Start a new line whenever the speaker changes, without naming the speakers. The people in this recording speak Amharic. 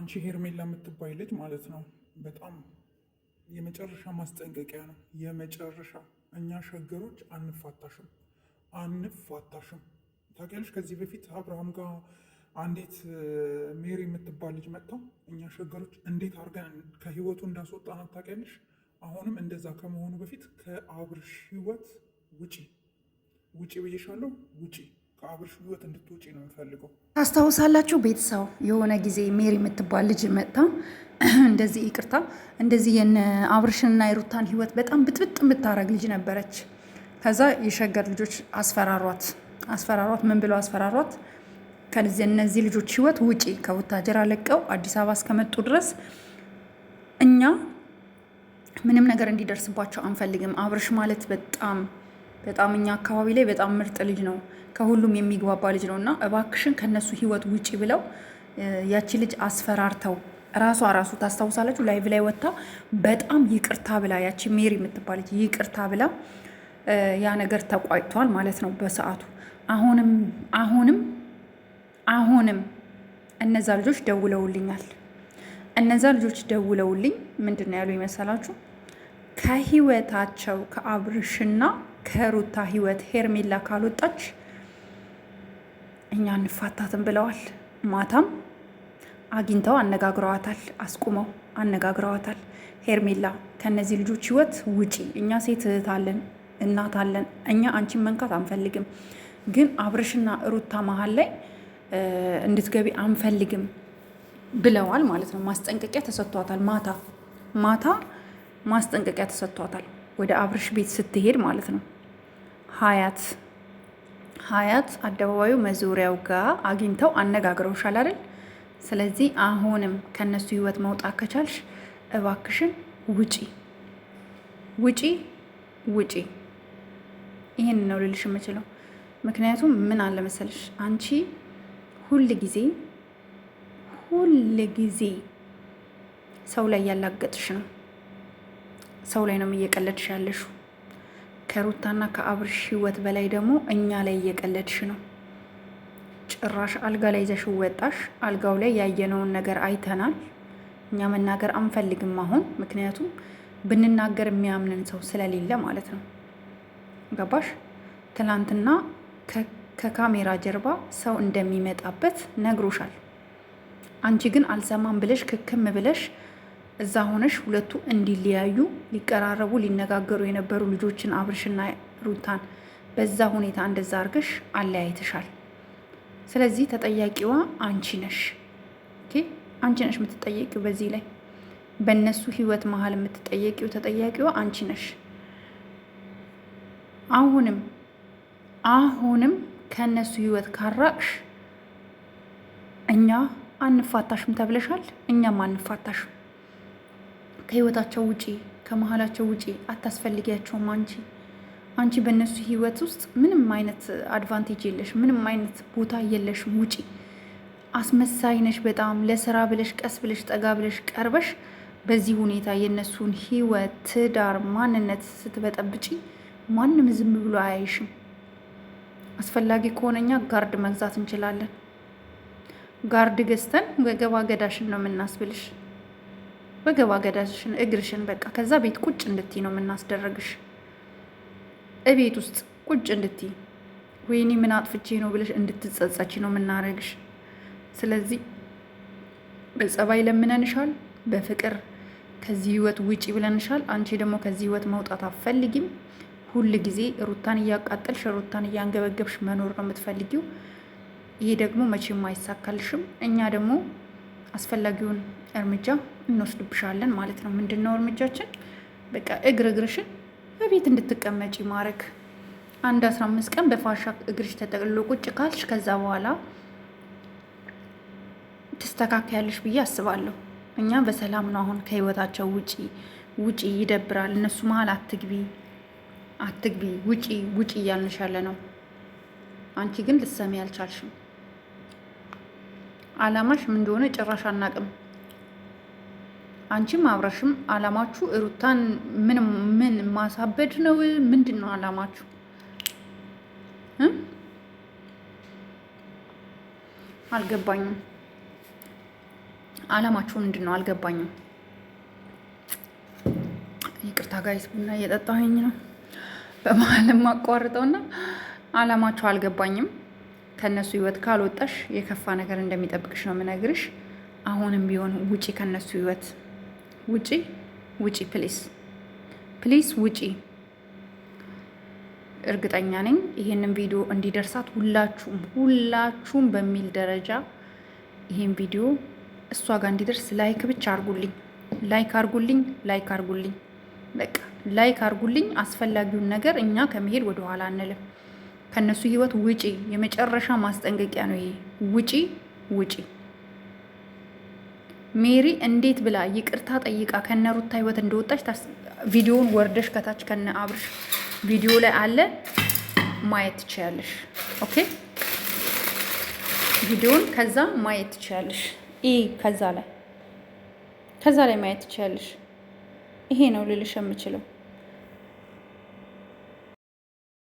አንቺ ሄርሜላ የምትባይ ልጅ ማለት ነው በጣም የመጨረሻ ማስጠንቀቂያ ነው። የመጨረሻ እኛ ሸገሮች አንፋታሽም፣ አንፋታሽም። ታውቂያለሽ፣ ከዚህ በፊት አብርሃም ጋር አንዴት ሜሪ የምትባል ልጅ መጥታው እኛ ሸገሮች እንዴት አድርገን ከህይወቱ እንዳስወጣናት ታውቂያለሽ። አሁንም እንደዛ ከመሆኑ በፊት ከአብርሽ ህይወት ውጪ ውጪ ብዬሻለሁ፣ ውጪ ከአብርሽ ህይወት እንድትወጪ ነው የምፈልገው።
ታስታውሳላችሁ ቤተሰብ የሆነ ጊዜ ሜሪ የምትባል ልጅ መጥታ እንደዚህ ይቅርታ፣ እንደዚህ የነ አብርሽንና የሩታን ህይወት በጣም ብጥብጥ የምታረግ ልጅ ነበረች። ከዛ የሸገር ልጆች አስፈራሯት አስፈራሯት ምን ብለው አስፈራሯት? ከዚህ እነዚህ ልጆች ህይወት ውጪ ከቡታጀራ ለቀው አዲስ አበባ እስከመጡ ድረስ እኛ ምንም ነገር እንዲደርስባቸው አንፈልግም። አብርሽ ማለት በጣም በጣም እኛ አካባቢ ላይ በጣም ምርጥ ልጅ ነው፣ ከሁሉም የሚግባባ ልጅ ነው እና እባክሽን ከነሱ ህይወት ውጪ ብለው ያቺ ልጅ አስፈራርተው ራሷ ራሱ ታስታውሳለች ላይቭ ላይ ወጥታ በጣም ይቅርታ ብላ ያቺ ሜሪ የምትባለች ይቅርታ ብላ ያ ነገር ተቋጭቷል ማለት ነው በሰዓቱ። አሁንም አሁንም አሁንም እነዛ ልጆች ደውለውልኛል። እነዛ ልጆች ደውለውልኝ ምንድን ነው ያሉ ይመሰላችሁ? ከህይወታቸው ከአብርሽና ከሩታ ህይወት ሄርሜላ ካልወጣች እኛ እንፋታትም ብለዋል። ማታም አግኝተው አነጋግረዋታል፣ አስቁመው አነጋግረዋታል። ሄርሜላ ከነዚህ ልጆች ህይወት ውጪ፣ እኛ ሴት እህት አለን፣ እናት አለን፣ እኛ አንቺን መንካት አንፈልግም፣ ግን አብርሽና ሩታ መሀል ላይ እንድትገቢ አንፈልግም ብለዋል ማለት ነው። ማስጠንቀቂያ ተሰጥቷታል። ማታ ማታ ማስጠንቀቂያ ተሰጥቷታል። ወደ አብርሽ ቤት ስትሄድ ማለት ነው ሀያት ሀያት አደባባዩ መዞሪያው ጋር አግኝተው አነጋግረውሻል አይደል? ስለዚህ አሁንም ከነሱ ህይወት መውጣት ከቻልሽ እባክሽን ውጪ ውጪ ውጪ። ይህን ነው ልልሽ የምችለው። ምክንያቱም ምን አለ መሰለሽ አንቺ ሁል ጊዜ ሁል ጊዜ ሰው ላይ ያላገጥሽ ነው ሰው ላይ ነው እየቀለድሽ ያለሽ። ከሩታና ከአብርሽ ህይወት በላይ ደግሞ እኛ ላይ እየቀለድሽ ነው። ጭራሽ አልጋ ላይ ይዘሽ ወጣሽ። አልጋው ላይ ያየነውን ነገር አይተናል። እኛ መናገር አንፈልግም አሁን፣ ምክንያቱም ብንናገር የሚያምንን ሰው ስለሌለ ማለት ነው። ገባሽ? ትናንትና ከካሜራ ጀርባ ሰው እንደሚመጣበት ነግሮሻል። አንቺ ግን አልሰማም ብለሽ ክክም ብለሽ እዛ ሆነሽ ሁለቱ እንዲለያዩ ሊቀራረቡ ሊነጋገሩ የነበሩ ልጆችን አብርሽና ሩታን በዛ ሁኔታ እንደዛ አድርገሽ አለያይተሻል። ስለዚህ ተጠያቂዋ አንቺ ነሽ፣ አንቺ ነሽ የምትጠየቂው በዚህ ላይ በእነሱ ህይወት መሀል የምትጠየቂው ተጠያቂዋ አንቺ ነሽ። አሁንም አሁንም ከእነሱ ህይወት ካራቅሽ እኛ አንፋታሽም ተብለሻል። እኛም አንፋታሽም ከህይወታቸው ውጪ ከመሀላቸው ውጪ አታስፈልጊያቸውም። አንቺ አንቺ በእነሱ ህይወት ውስጥ ምንም አይነት አድቫንቴጅ የለሽ፣ ምንም አይነት ቦታ የለሽም። ውጪ አስመሳይ ነሽ በጣም ለስራ ብለሽ ቀስ ብለሽ ጠጋ ብለሽ ቀርበሽ በዚህ ሁኔታ የእነሱን ህይወት፣ ትዳር፣ ማንነት ስትበጠብጪ ማንም ዝም ብሎ አያይሽም። አስፈላጊ ከሆነኛ ጋርድ መግዛት እንችላለን። ጋርድ ገዝተን ገባ ገዳሽን ነው የምናስብልሽ። ወገባ ገዳሽን እግርሽን በቃ ከዛ ቤት ቁጭ እንድትይ ነው የምናስደረግሽ። እቤት ውስጥ ቁጭ እንድትይ ወይኔ ምን አጥፍቼ ነው ብለሽ እንድትጸጸች ነው የምናደርግሽ። ስለዚህ በጸባይ ለምነንሻል፣ በፍቅር ከዚህ ህይወት ውጪ ብለንሻል። አንቺ ደግሞ ከዚህ ህይወት መውጣት አፈልጊም። ሁል ጊዜ ሩታን እያቃጠልሽ ሩታን እያንገበገብሽ መኖር ነው የምትፈልጊው። ይሄ ደግሞ መቼም አይሳካልሽም። እኛ ደግሞ አስፈላጊውን እርምጃ እንወስድብሻለን ማለት ነው። ምንድን ነው እርምጃችን? በቃ እግር እግርሽን በቤት እንድትቀመጪ ማድረግ አንድ አስራ አምስት ቀን በፋሻ እግርሽ ተጠቅልሎ ቁጭ ካልሽ ከዛ በኋላ ትስተካከያለሽ ብዬ አስባለሁ። እኛ በሰላም ነው አሁን ከህይወታቸው ውጪ ውጪ ይደብራል። እነሱ መሀል አትግቢ አትግቢ ውጪ ውጪ እያልንሽ ያለ ነው። አንቺ ግን ልትሰሚ አልቻልሽም። አላማሽ ምን እንደሆነ ጭራሽ አናቅም። አንቺም አብረሽም አላማችሁ ሩታን ምን ምን ማሳበድ ነው? ምንድን ነው አላማችሁ? አልገባኝም። አላማችሁ ምንድን ነው? አልገባኝም። ይቅርታ ጋይስ፣ ቡና እየጠጣሁኝ ነው በመሀል የማቋርጠውና አላማችሁ አልገባኝም። ከነሱ ህይወት ካልወጣሽ የከፋ ነገር እንደሚጠብቅሽ ነው የምነግርሽ። አሁንም ቢሆን ውጪ ከነሱ ህይወት። ውጪ ውጪ፣ ፕሊስ ፕሊስ ውጪ። እርግጠኛ ነኝ ይሄንን ቪዲዮ እንዲደርሳት ሁላችሁም ሁላችሁም በሚል ደረጃ ይሄን ቪዲዮ እሷ ጋር እንዲደርስ ላይክ ብቻ አርጉልኝ፣ ላይክ አርጉልኝ፣ ላይክ አርጉልኝ፣ በቃ ላይክ አርጉልኝ። አስፈላጊውን ነገር እኛ ከመሄድ ወደኋላ ኋላ አንልም። ከእነሱ ህይወት ውጪ፣ የመጨረሻ ማስጠንቀቂያ ነው ይሄ። ውጪ ውጪ ሜሪ እንዴት ብላ ይቅርታ ጠይቃ ከነ ሩታ ህይወት እንደወጣች ቪዲዮን ወርደሽ ከታች ከነ አብርሽ ቪዲዮ ላይ አለ ማየት ትችያለሽ። ኦኬ ቪዲዮን ከዛ ማየት ትችያለሽ። ይ ከዛ ላይ ከዛ ላይ ማየት ትችያለሽ። ይሄ ነው ልልሽ የምችለው።